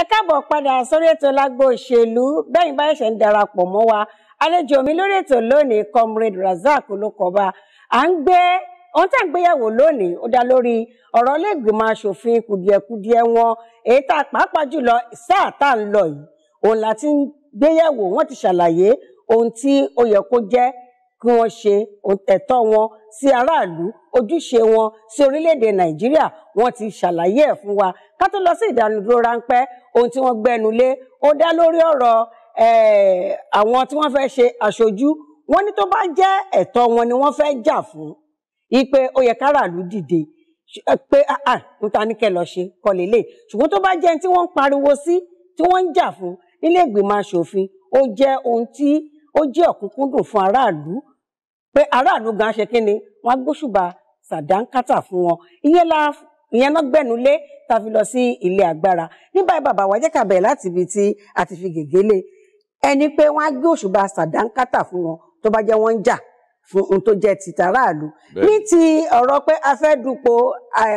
ẹ káàbọ̀ padà sórí ètò lágbo òṣèlú bẹ́yìn bá ẹ̀ṣẹ̀ ń darapọ̀ mọ́ wa àlejò mi lórí ètò lónìí comrade Razak Olókọ̀ọ́ba à ń gbé ohun tá à ń gbéyàwó lónìí ó dá lórí ọ̀rọ̀ iléègbìmọ̀ asòfin kùdìẹ̀kudiẹ wọn èyí tá a pàápàá jùlọ sáà tá à ń lọ yìí òun la ń gbéyàwó wọn ti ṣàlàyé ohun tí ó yẹ kó jẹ́ kí wọ́n ṣe ẹ̀tọ́ wọn sí aráàlú ojúṣe wọn sí orílẹ̀-èdè nàìjíríà wọ́n ti ṣàlàyé ẹ̀ fún wa ká tó lọ sí ìdánudúró ráńpẹ́ ohun tí wọ́n gbẹnu lé ó dá lórí ọ̀rọ̀ àwọn tí wọ́n fẹ́ ṣe aṣojú wọ́n ní tó bá jẹ́ ẹ̀tọ́ wọn ni wọ́n fẹ́ jà fún ipe ó yẹ káràlú dìde pé ah, ah, n ta ní kẹ lọ ṣe kọ lélẹ̀ ṣùgbọ́n tó bá jẹ́ tí wọ́n ń pariwo sí tí wọ́n ń jà fún nílé ìgbìmọ̀ aṣòfin ó jẹ́ ohun tí ó jẹ́ ọ̀kúnkúndùn fún aráàlú pé aráàlú gan ṣe kí ni wọ́n á gbóṣùbà sàdánkátà fún wọn ìyẹn la ìyẹn náà gbẹ̀nulé tá a fi lọ sí ilé agbára ní báyìí bàbá wa jẹ́ ká bẹ̀rẹ̀ láti ibi tí a ti fi gègé lé ẹni pé wọ́n á gbé sàdánkátà fún wọn tó bá jẹ́ wọ́n ń jà fún ohun tó jẹ́ ti tàráàlú ní ti ọ̀rọ̀ pé a fẹ́ dupò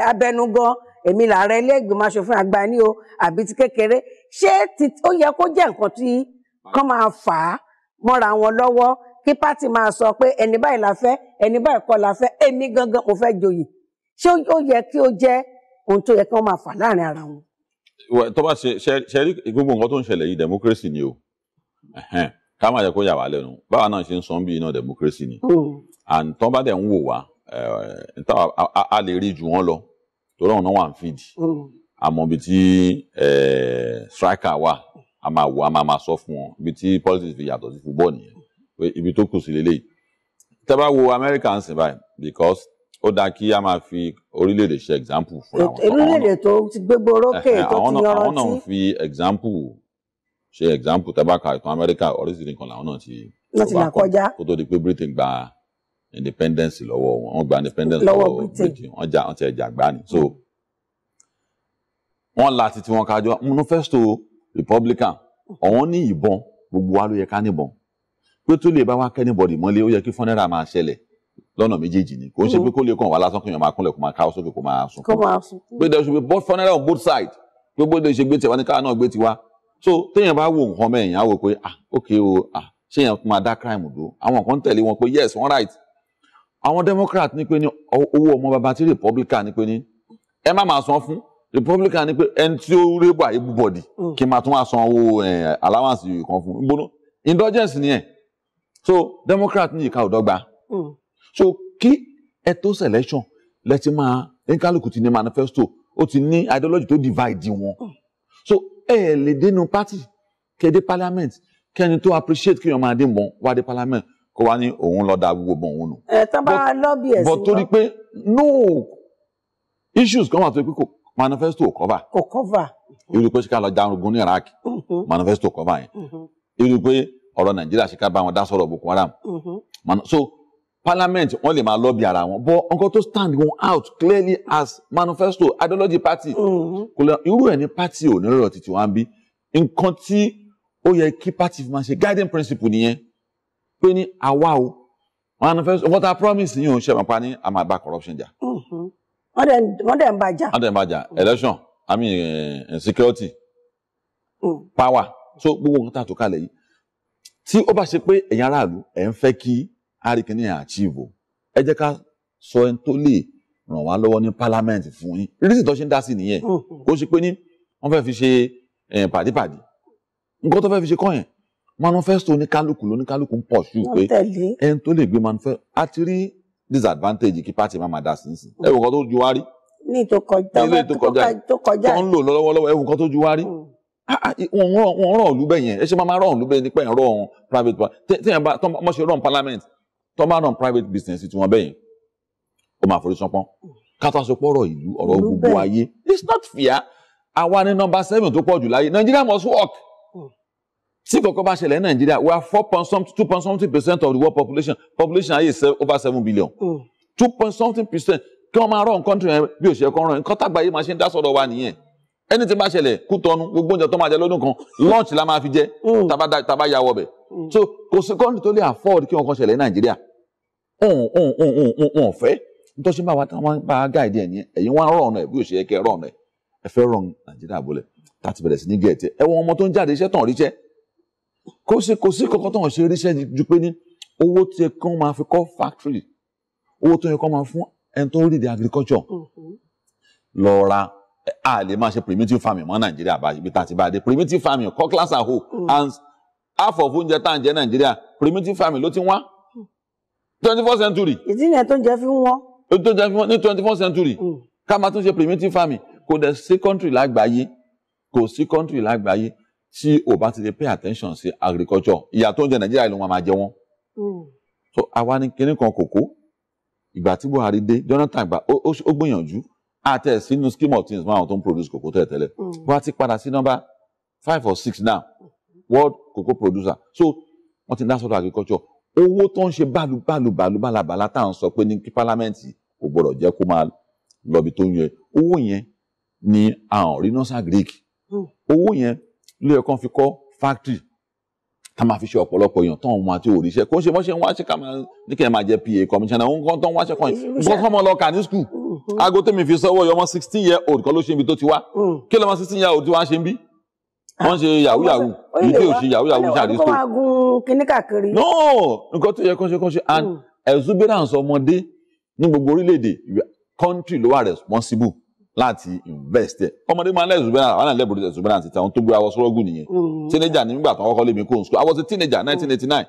abẹnugan èmi làárẹ̀ ilé ìgbìmọ̀ asòfin àgbà ni o àbí ti kékeré ṣé ó yẹ kó jẹ́ nǹkan tí kán máa fà á mọ́ra wọn lọ́wọ́ kí pátì máa sọ pé ẹni báyìí la fẹ́ ẹni báyìí kọ́ la fẹ́ èmi gangan mo fẹ́ joyè ṣé ó yẹ kí ó jẹ́ ohun tó yẹ kí wọ́n máa fà láàrin ara wọn. tó bá ṣe ṣe rí gbogbo nǹkan tó ń ṣẹlẹ̀ yìí democracy ni o ká má jẹ́ kó yà wá lẹ́nu báwa náà ṣe ń sọ bí iná democracy ni hmm. and bá dẹ̀ ń wò wá eh, a lè rí ju wọn lọ torí àwọn náà wà ń fìdí àmọ́ hmm. ibi tí eh, striker wà a máa wò a máa máa sọ fún wọn ibi tí politics fi yàtọ̀ sí football nìyẹn ibi tó kù sí lélẹ́yìí tẹ́ bá wo Amẹ́ríkà ń sìn báyìí because ó dáa kí a máa fi orílẹ̀-èdè ṣe example fún àwọn tọ́kàn orílẹ̀-èdè tó ti gbégbó rókè tó ti yọrantí àwọn náà ń fi example ṣe example tẹ́ bá ka ìtàn Amẹ́ríkà oríṣiríṣi nǹkan làwọn náà ti wà kọjá kó tó di pé Britain gba independence lọ́wọ́ wọn wọ́n gba independence lọ́wọ́ Britain wọ́n jà wọ́n ti ẹ̀ jà gbá ni so wọ́n la titi wọn kájọ manifesto republican ọ̀wọ́n ní ìbọn gbogbo wa ló yẹ ká níbọn pé tó lè bá wa kẹ́nìbọ̀dì mọ́lé ó yẹ kí fọ́nẹ́rà máa ṣẹlẹ̀ lọ́nà méjèèjì ni kò ń ṣe pé mm-hmm. kó lè kàn wá lásán kéèyàn máa kúnlẹ̀ kó máa káwọ́ sókè kó máa sùn. kó máa sùn. pé there should be both funeral on both side. pé bó lè ṣe gbé tiwa ní káwa náà gbé tiwa so téèyàn bá wo nǹkan mẹ́rin á wò pé ah ok o ah ṣé èèyàn máa dá crime dúró àwọn kan tẹ̀lé wọn pé yes wọ́n right àwọn democrat ní pé ní owó ọmọ bàbá tí republican ní pé ní ẹ má máa san fún republican ni pé ẹni tí ó rébù àyébùbọ̀dì mm. kí n máa tún wá san owó allowance kan fún un gbóná indulgence nìyẹn so democrat ní ìka òdọ́gba mm. so kí ètò selection lẹ ti máa nkálukú ti ní manifesto ó ti ní ideology tó divide wọn mm. so ẹ ẹ lè dénú party kéde parliament kẹni tó appreciate kíyàn máa dé mọ wá dé parliament kó wá ní òun lọ da gbogbo mọ òun nù. ẹ tán bá lọ́bì ẹ̀ sí i lọ. but torí pé no issues kan wà tó pé kò manifesto ò kọ́fà. kò kọ́fà. irú pé ṣe ká lọ jarugun ní Iraq mhm. manifesto ò kọ́fà yẹn. Mhm. irú pé ọ̀rọ̀ nàìjíríà ṣe ká bá wọn dá sọ̀rọ̀ Boko Haram. Mhm. so parliament wọn lè máa lọ́ọ̀bì ara wọn but nǹkan tó stand wọn out clearly as manifesto ideology party. kò lè irú ẹ̀ ní party ò ní lọ́rọ̀ títí wọn bí nǹkan tí ó yẹ kí party fi máa ṣe guiding principle nìyẹn pé ní àwa o manifesto what I promise yìí ò ń ṣe àmàpá ní àmàgbà corruption jà. Mm -hmm wọ́n dẹ̀ wọ́n dẹ̀ ń bàjá. wọ́n dẹ̀ ń bàjá election i mean uh, security mm. power so gbogbo nǹkan tá a tó kalẹ̀ yìí tí ó bá ṣe pé ẹ̀yin aráàlú ẹ̀ ń fẹ́ kí àríkìní yẹn àchíìvò ẹ jẹ́ ká sọ ẹni tó lè ràn wá lọ́wọ́ ní parliament fún yín rísì tó ṣe ń dá sí nìyẹn kó mm. ṣe pé ní wọ́n fẹ́ fi ṣe eh, pàdípàdí nǹkan tó fẹ́ fi ṣe kọ́ yẹn manifesto oníkálukú lóníkálukú ń pọ̀ sí pé ẹni tó lè gbé manifesto àti rí disadvantage kí pàtì máa máa dà sí nísìn ẹ wò kan tó ju wá rí ní tó kọjá ilé tó kọjá tó kọjá tó ń lò lọ́wọ́lọ́wọ́ ẹ wò kan tó ju wá rí hmm. ah, ah, wọn rán òlú bẹ́ẹ̀ yẹn ẹ ṣe máa rán òlú bẹ́ẹ̀ nípa ẹ̀rọ ọ̀hún private tẹ́yìn bá tọ́mọ ṣe rán parliament tọ́mọ rán private business tí wọ́n bẹ́ẹ̀ yẹn ó máa forí sánpọ́n kátó aṣọ pọ̀rọ̀ ìlú ọ̀rọ̀ gbogbo ayé it's not fair àwa ni number seven tó pọ̀ jù láyé Nigeria must work tí kọ̀ọ̀kan bá ṣẹlẹ̀ ní nàìjíríà we are four point something two point something percent of the world population population ayé over seven billion mm. two point something percent kí wọ́n máa rọ nǹkan tó yẹn bí òṣèré kan rọ nǹkan tàgbáyé máa ṣe ń dá sọ̀rọ̀ wa nìyẹn ẹni tí bá ṣẹlẹ̀ kú tọ́nu gbogbo oúnjẹ tó máa jẹ lọ́dún kan lunch la máa fi jẹ mm. tàbá ya wọbẹ̀ mm. so kò sí kọ́ńtì tó lè afford kí wọ́n kan ṣẹlẹ̀ ní nàìjíríà wọn ò fẹ́ nítorí ṣe bá wa táwọn bá a gáàdì ẹ̀ ní ẹ̀yin wọn rọ̀ ọ̀nà ẹ̀ bí òṣèré kẹ́ rọ̀ ọ̀nà ẹ̀ ẹ fẹ́ rọ̀ nàìjíríà bolẹ̀ láti bẹ̀rẹ̀ sí ní gẹ̀ẹ́tì ẹ̀ wọn ọmọ tó ń jáde iṣẹ́ tàn ríṣẹ́ kò sí kò sí kankan tó ń ṣe ríṣẹ́ ju pé ní owó tí kan máa fi kọ́ factory owó tó yẹ kan máa fún ẹni tó rí the agriculture mm-hmm. lọ ra a lè máa ṣe primitive farming mọ́ nàìjíríà bíi tàti bá primitive farming kọ́ class aho mm. and half of oúnjẹ tá à ń jẹ nàìjíríà primitive farming ló ti wá twenty four century. ìdí nìyẹn tó ń jẹ fi wọ́n. tó ń jẹ fi wọ́n ní twenty four century mm. ká máa tún ṣe primitive farming kò dẹ̀ sí country lágbàáyé kò sí country lágbàáyé tí ò bá ti lè pay attention sí agriculture ìyà tó ń jẹ nàìjíríà ìlú wọn máa jẹ wọn. Hmm. so àwa ni kinní kan kòkó ìgbà tí buhari dé jonathan gbà ó gbìyànjú àtẹ sínú scheme of things máa tó ń produce kòkó tẹ̀ tẹ́lẹ̀ hmm. wá ti padà sí number five or six now world cocoa producer so wọ́n ti dá sọ́dọ̀ agriculture owó tó ń ṣe bálubálu bálabàlá tá à ń sọ pé ní kí pálámẹ́ǹtì kò gbọ́dọ̀ jẹ́ kó máa lọ́bi tó ń yẹ owó yẹn ni àwọn rí nọ́sà greek hmm. owó yẹn ilé ẹ̀kọ́ fi kọ́ fáktìrì tá máa fi ṣe ọ̀pọ̀lọpọ̀ èèyàn tán òun àti òrìṣẹ́ kó ṣe mọ́ṣẹ́ ń wáṣẹ́ ká máa ní kí ẹ máa jẹ PA commissioner òun kan tán wáṣẹ́ kan yìí nǹkan tó mọ lọ kà ní skul aago tèmi fi sọ́wọ́ yọmọ sixteen year old kan ló ṣe ibi tó ti wá kí lọ́mọ sixteen year old tí wàá ṣe ń bí wọ́n ṣe yahoo yahoo ní tí ò ṣe yahoo ṣáà disco. ọlọ́wọ́ agun kínní káàkiri. no nǹkan tó yẹ kó ṣe kó ṣe and exuberance ọmọdé ní gbogbo orílẹ̀ country ló wà responsible láti invest ẹ ọmọdé máa ń lẹ́sùn bẹ́ẹ̀ àwọn àlẹ́ bòdì lẹ́sùn àti tàwọn tó gbé awọ sọ́rọ́gùn nìyẹn mm. teenager nígbà tó kọ́kọ́ lé mi kó n school I was a teenager mm. nineteen eighty nine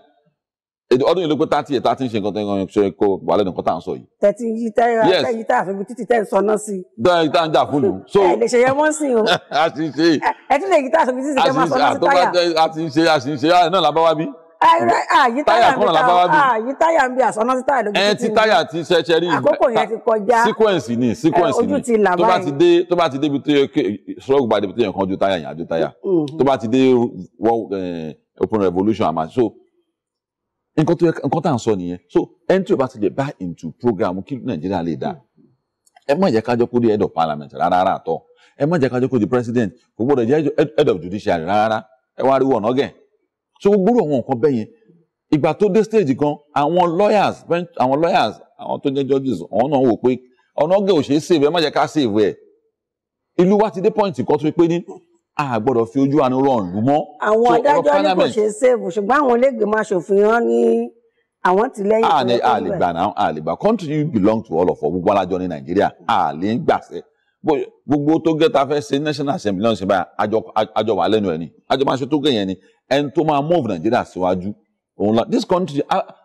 ọdún yìí ló pé thirty eight thirty ṣe nǹkan tó ń ṣe kó wà lẹ́nu nǹkan tá ń sọ yìí. tẹ̀tí yìí tẹ́ ẹ tẹ́yìí tá àfihàn títí tẹ́ ń sọ náà sí. bẹ́ẹ̀ yìí tá à ń jà fún lù. ẹ lè ṣe yẹn wọ́n sìn o. a ti ṣe. ẹ ti lè yìí tá àfihàn títí tẹ́ máa sọ náà sí táyà. a ti ṣe a ti ṣe náà lábáwá bí àyí táyà kan là bá wá bí àyí táyà ń bí ah, àsọná sí táyà lójú títì ní ẹ ti táyà ti ṣẹṣẹ rí àkókò yẹn ti kọjá síkwẹ̀nsì ni síkwẹ̀nsì ni tó bá ti dé tó bá ti dé ibi tó yẹ kí stroke bá dé ibi tó yẹ kan ju táyà yẹn àjò táyà mm-hmm. tó bá ti dé open revolution àmà so nǹkan tó yẹ nǹkan tá à ń sọ nìyẹn so ẹni tí o bá ti lè buy into program kí nàìjíríà lè dá ẹ má jẹ́ kájọ́ kó di head of parliament rárá àtọ ẹ má jẹ́ kájọ́ kó di president kò gbọ́dọ̀ jẹ́ head of judiciary rárá ẹ wá rí wọn ọgẹ́ so gbogbo àwọn nǹkan bẹ́yẹn ìgbà tó dé stage gan àwọn lawyers àwọn lawyers àwọn tó jẹ́ judges àwọn náà wò pé ọ̀nà ọ̀gẹ̀ ò ṣe é save ẹ má jẹ́ ká save ẹ̀ ìlú wa ti dé point kan tó pé ní a gbọ́dọ̀ fi ojú àánú rọ̀ lù mọ́. àwọn adájọ́ ní kò ṣe é save ṣùgbọ́n àwọn olóògbémọ̀ aṣòfin wọn ní àwọn ti lẹ́yìn tó lè gbà. a lè gbà a lè gbà country you belong to all of us gbogbo alájọ ní nàìjíríà a lè ń gbàṣẹ gbogbo tó gẹ́ta fẹ́ ṣe national assembly náà ṣe báyà àjọ wà lẹ́nu ẹ̀ ni àjọ máa ṣe tó gẹ̀ ni ẹni tó máa move nàìjíríà síwájú òun la this country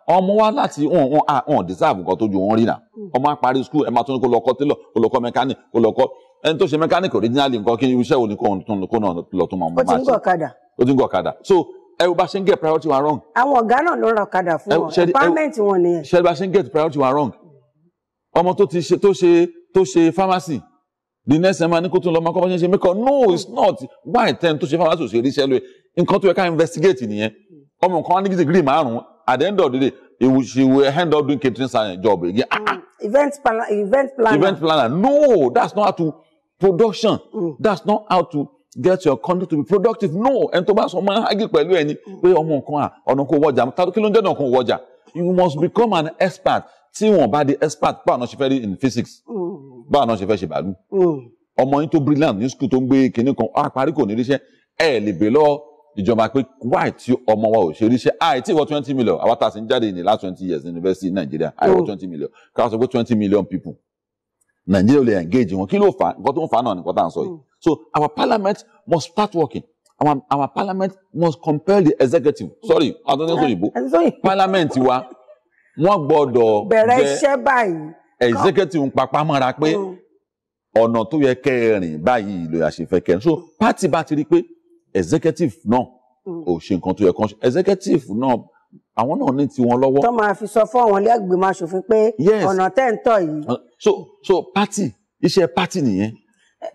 ọmọ wa láti wọn wọn ah wọn deserve nǹkan tó ju wọn rí nà ọmọ apari school ẹ máa tún kó lọ kọ́ tailor kó lọ kọ́ mechanic kó lọ kọ́ ẹni tó ṣe mechanic originally nǹkan kí iṣẹ́ wo ni kò náà lọ tún máa mú máa ṣe ó ti ń gọ̀ kadà ó ti ń gọ̀ kadà so ẹ wo bá ṣe ń get priority wa wrong. àwọn ọ̀gá náà ló ra ọ̀kadà fún wọn empowerment wọn nìyẹn. ṣe bá ṣe ń get priority wa wrong. ọmọ tó ti ṣe tó ṣe tó ṣe pharmacy the next time a ní kó tún lọ máa kọ́ ṣe ń ṣe mẹ́kọ̀ọ́ no it's not why ten tó ṣe pharmacy ò ṣe ríṣẹ́ lóye nǹkan tó yẹ ká investigate nìyẹn ọmọ nǹkan wá ní degree márùn-ún at the end of the day he she will end up doing catering science job again. Ah, ah. Mm. Ah, event planner event planner event planner no that's not how to production mm. that's not how to get your country to be productive no ẹni tó bá sọ máa ń hági pẹ̀lú ẹni mm. pé ọmọ nǹkan à ah, ọ̀nà kò wọjà tàbí kí ló ń jẹ́ ọ̀nà kò wọjà you must become an expert tí wọn bá di expert báwọn náà ṣe fẹ́ rí in physics mm. báwọn náà ṣe fẹ́ ṣe bàálù mm. ọmọ yín tó brilliant ní school tó ń gbé kinní kan á parí kò ní ríṣẹ́ ẹ̀ lè bè lọ́wọ́ ìjọba pé why tí ọmọ wa ò ṣe ríṣẹ́ ah, àìtí ìwọ twenty million àwa tá a sì ń jáde ní last twenty years ní university nàìjíríà àìwọ twenty million ká sọ pé twenty million people Nigeria ò lè engage wọn kí ló fà nǹkan tó ń fà náà nǹkan tá à ń sọ yìí hmm. so our parliament must start working our our parliament must compel the executive sorry àtúntò òyìnbó parliament wa wọ́n gbọ́dọ̀ bẹ̀rẹ̀ iṣẹ́ báyìí executive ń papá mọ́ra pé hmm. ọ̀nà tó yẹ kẹ́ ẹ báyìí ló yà ṣe so party bá ti rí pé executive náà mm. ò ṣe nǹkan tó yẹ kán ṣe executive náà àwọn náà ní tiwọn lọ́wọ́. tó máa fi sọ fún àwọn ilé ìgbìmọ̀ aṣòfin pé ọ̀nà tẹ́ ń tọ̀ yìí. Uh, so so party iṣẹ́ party nìyẹn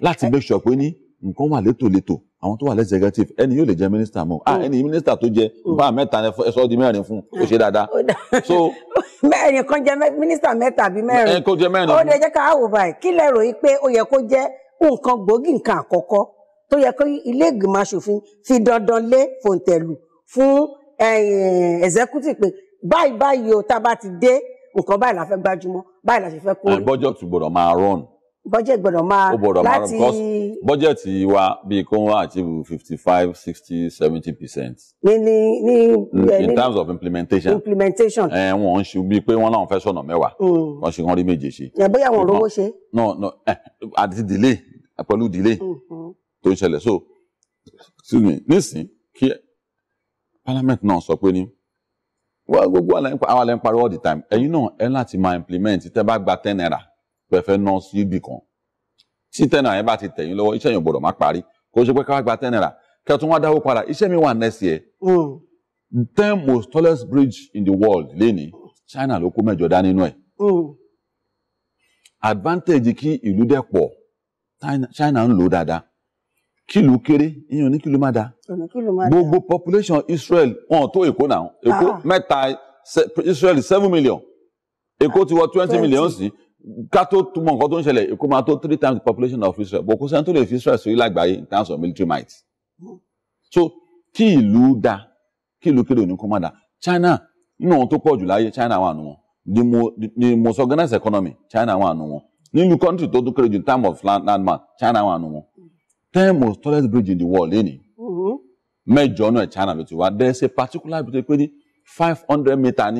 láti make sure pé ní nǹkan wà létòlétò àwọn tó wà lẹ́sẹ̀ executive ẹni yóò lè jẹ mínísítà mọ́ ah mm. ẹni mínísítà tó jẹ mm. bá mẹ́ta ẹ sọ́ di mẹ́rin fún ó ṣe dáadáa. so ẹnì kan jẹ mínísítà mẹ́ta àbí mẹ́rin ó lè jẹ́ ká wò báyìí kí lẹ rò yìí pé ó yẹ kó jẹ́ nǹkan gbòógì nǹkan àkọ́kọ́ tó yẹ kó ilé ìgbìmọ̀ asòfin fi dandan lé fòǹtẹ̀lù fún eh, executive pé báyìí báyìí o tá a bá ti dé nǹkan báyìí la fẹ́ gbájúmọ́ báyìí la ṣe fẹ́ kórè. budget gbọ́dọ̀ máa run. budget gbọ́dọ̀ máa láti. budget wa bíi kó wá achieve fifty five sixty seventy percent. ní ní ní. Mm, eh, in terms of implementation. implementation. ẹ eh, wọn ń ṣe bíi pé wọn náà fẹ́ sọ̀nà mẹ́wàá. Mm. wọn ṣe wọn rí méje ṣe. ẹ bóyá wọn rówó ṣe. no no àti delay pẹ̀lú delay mm tó ń ṣẹlẹ̀ so excuse me nísìn kí parliament náà sọ pé ní wọ́n gbogbo àwọn alẹ́ ń pariwo all the time ẹ̀yin náà ẹ láti máa implement tẹ́ bá gba ten naira pẹ̀fẹ́ náà sí ibì kan tí ten naira yẹn bá ti tẹ̀yìn lọ́wọ́ iṣẹ́ yẹn gbọ́dọ̀ má parí kó o ṣe pé ká gba ten naira kẹtùn wá dáwó padà iṣẹ́ mi wà next year hmm. ten most tallest bridge in the world lẹ́ni China ló kó mẹ́jọ dá nínú ẹ̀ hmm. advantage kí ìlú dẹ̀ pọ̀ China ń lò dáadáa kìlú kéré ìyẹn ò ní kìlú má da gbogbo population Israel wọn tó Èkó náà Èkó ah. mẹ́ta Israel seven million Èkó ti wọ twenty million sí ká tó túmọ̀ nǹkan tó ń ṣẹlẹ̀ Èkó máa tó three times the population of Israel bò kó sẹ́ni tó lè fi Israel sórí lágbàáyé in terms of military might hmm. so kí ìlú da kí ìlú kéré ò ní kó má da China nínú ohun tó pọ̀ jù láyé China wà nù wọn the most organized economy China wà nù wọn nínú country tó tó kéré jù in terms of land landmass China wà nù wọn ten most tallest bridge in the world lẹ́ni mm-hmm. mẹ́jọ náà China ló ti wá there is a particular bridge pé ní five hundred meter ní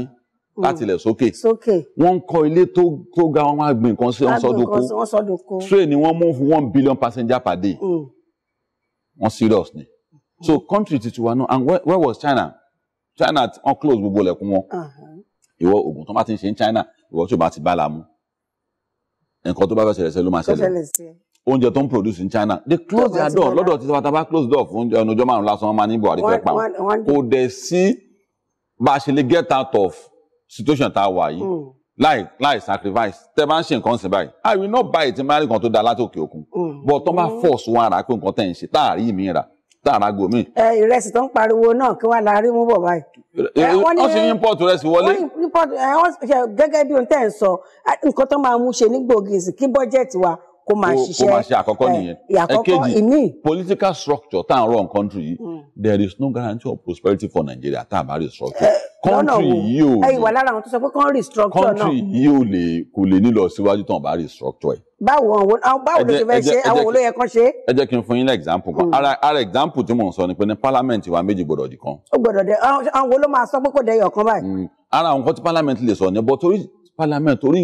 mm. láti ilẹ̀ sókè wọ́n ń kọ́ ilé tó tó ga wọn wá gbìn nǹkan sí ọ̀sọ́dún kó train ni wọ́n mú fún one billion passenger per day mm. wọ́n serious ni so country titiwa náà and where, where was China China wọ́n close gbogbo ilẹ̀kùn wọn ìwọ oògùn tó bá ti ń ṣe ní China ìwọ tó bá ti bá la mu nǹkan tó bá fẹ́ ṣẹlẹ̀ ṣẹlẹ̀ ló máa ṣẹlẹ̀ oúnjẹ tó ń produce in China they close their door lọ́dọ̀ tí tabataba close door fún ọ̀nà ọjọ́ márùn-ún lásán wọn máa ní Buhari fẹ́ pa kò dẹ̀ sí bá a ṣe lè get out of situation tá a wà yìí hmm. láì láì sacrifice tẹ bá ń ṣe nǹkan sìn báyìí i will not buy it máa rí nǹkan tó dáa láti òkè òkun hmm. but tó bá hmm. force wọn ara pé nǹkan tẹ̀ ń ṣe táàrí mi rà tààrà gomi. ẹ ìrẹsì tó ń pariwo náà kí wọn la rí mú bọ̀ báyìí. Eh, wọ́n sì ní import rẹ̀ wọlé. wọ́n import gẹ́gẹ́ bí ohun tẹ́ ẹ̀ ń sọ nǹkan tó máa mú ṣe ní gbòógì sí kí bọ́jẹ̀tì wa kó máa ṣiṣẹ́ kó máa ṣe àkọ́kọ́ nìyẹn ẹ̀kejì political structure tá à ń run country yìí mm. there is no guarantee of prosperity for Nigeria tá a bá restructure eh, country yìí ò lè ẹ ìwà lára àwọn tó sọ pé kán restructure náà country yìí ò lè kò lè nílọ síwájú tán bá restructure ẹ̀. báwo àwọn báwo ló ṣe fẹ́ ṣe àwọn wo ló yẹ kán ṣe. ẹ jẹ́ kí n fún yín ní example kan mm. ara ara example tí mò ń sọ ni pé ní parliament wa méjì gbọ́dọ̀ di kan. ó gbọ́dọ̀ dẹ àwọn wo ló máa sọ pé kò dẹyọ kan báyìí. Mm. ara àwọn kan tí parliament lè sọ ni bọ́ torí parliament torí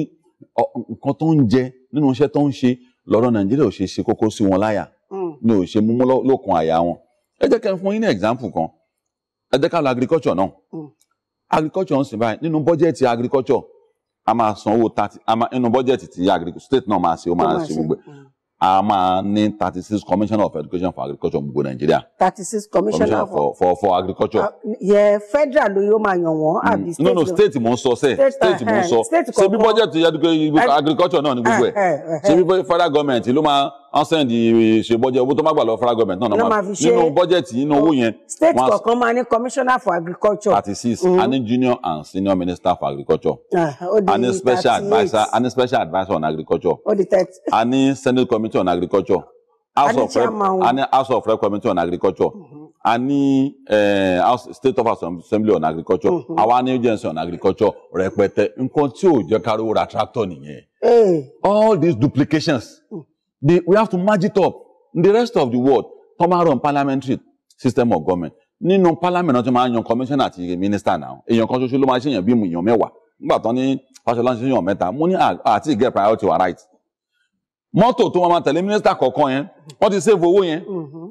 nǹkan tó ń jẹ nínú iṣẹ́ tó ń ṣe lọ́rọ̀ nàìjíríà ò ṣe ṣe kókó sí wọn láyà ni hmm. ò ṣe múmú lókun àyà wọn ẹ jẹ́ kẹ́ ń fún yín ní example kan ẹ jẹ́ ká lọ agriculture náà hmm. agriculture ń sìn báyìí nínú bọ́jẹ̀tì agriculture a máa san owó thirty a máa nínú bọ́jẹ̀tì ti state náà máa ṣe ó máa ṣe gbogbo a máa ní thirty six commissioner of education for agriculture gbogbo nàìjíríà. thirty six commissioner for for for agriculture. Ah, yẹ federal ló yóò máa yàn wọ́n mm. àbí no no state mo ń sọ sẹ state mo ń sọ eh, ṣé bí budget eh, agriculture náà ni gbogbo ẹ ṣé bí federal government ló máa wọ́n sẹ́ndì ṣe bọ́jẹ́ owó tó má gbà lọ federal government náà náà nínú bọ́jẹ̀tì nínú owó yẹn. state kọ̀ọ̀kan máa ní commissioner for agriculture. thirty six a mm. junior and senior minister for agriculture. Ah, a ní special adviser a special adviser on agriculture. a ní senate committee on agriculture. house of rep a ní house of rep committee on agriculture. Mm-hmm. a ní eh, state of assembly on agriculture. Mm-hmm. àwa ní agency on agriculture rẹpẹtẹ nǹkan tí ò jẹ́ kárí ó ra tractor nìyẹn. Eh. all these duplications. Mm. They, we have to match it up. In the rest of the world, come out on parliamentary system of government. Nínú parliament náà ti máa ń yan commissioner àti minister náà. Èèyàn kan ṣoṣo ló máa ṣèyàn bí mu èèyàn mẹ́wàá. Nígbà tán ní Fáṣọlá ń ṣèyàn mẹ́ta. Mo ní ah, ah, àti ìgẹ́ priority wa right. Mọ́tò tó máa tẹ̀lé minister kọ̀ọ̀kan yẹn, wọ́n ti save owó yẹn. Mm-hmm.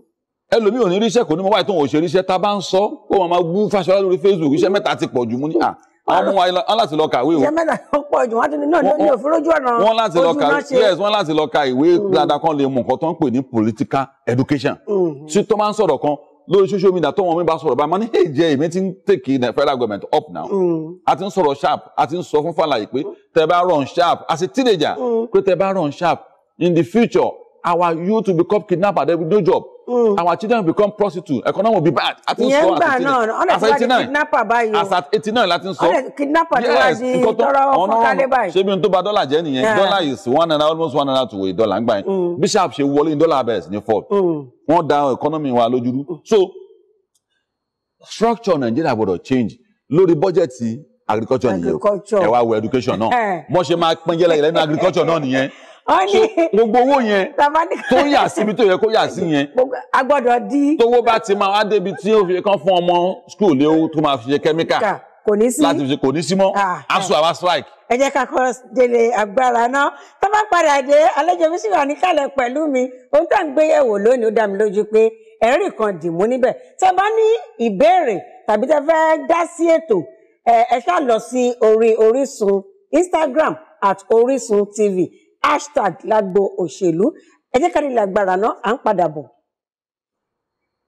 Ẹlòmíì ò ní ríṣẹ́ kò ní mọ wáyé tó ń òṣèré iṣẹ́ tá a bá ń sọ. Ó máa bú Fáṣọlá lórí Facebook iṣẹ́ mẹ́ta ti pọ̀ jù mú ní à. Ah, wọ́n mú wọn láti lọ kàwé o. ìyá mẹ́ta ló pọ̀ jù wọ́n ti ní náà lórí òfurufú ọ̀nà ojú wọn ṣe. wọ́n láti lọ ka ìwé hmm. dáadáa kan lè mú nǹkan tó ń pè ní political education. Hmm. tí tó máa ń sọ̀rọ̀ kan lórí social media tó wọn mi bá sọ̀rọ̀ báyìí mo ní hey jẹ́ èmi ti ń tèkì federal government up now. Hmm. a ti ń sọ̀rọ̀ sharp a ti ń sọ fún Fálàyé pé tẹ bá run sharp as a teenager pé tẹ bá run sharp in the future our youth will become kidnapped at every no job. Mm. Our children become prostitute. Economy will be bad. I think so. At no, as at 89. Kidnapper by you. As at 89, Latin so. Kidnapper yes. Oh, yes. Ṣé bí n tó ba dọ́là jẹ́ nìyẹn. Dollar is one and almost one and a half to a dollar. Ngbà yẹn. Mm. Bishop ṣe wọlé ní dollar bẹ̀rẹ̀ sí ní fall. Mm. Wọ́n da economy you. lójúrú. Mm. So structure Nàìjíríà gbọ́dọ̀ change lórí bọ́jẹ̀tì agriculture nìyẹn. Ẹ wá wo education náà. Mo eh. ṣe máa pín jẹ́lẹ̀ ìlẹ́nu agriculture náà nìyẹn gbogbo owó yẹn tó yà síbi tó yẹ kó yà sí yẹn a gbọ́dọ̀ di. tówó bá ti máa wá débi tí ó fi kán fún ọmọ skul léwu tó máa fi ṣe kẹ́míkà kò ní sí láti fi ṣe kò ní sí mọ́ aṣọ àwa strike. ẹ jẹ́ ká kọ́ délé agbára náà tó bá padà dé àlejò mi sì wà níkàlẹ̀ pẹ̀lú mi ohun tá à ń gbéyẹ̀wò lónìí ó dá mi lójú pé ẹ̀rí kan dìmú níbẹ̀ tẹ́ bá ní ìbéèrè tàbí tẹ́ fẹ́ dá sí ètò ẹ ṣáà lọ sí orí Orísun Instagram at Orísun TV hashtag lágbo òṣèlú ẹ jẹ́ ká rí lágbára náà à ń padà bọ̀.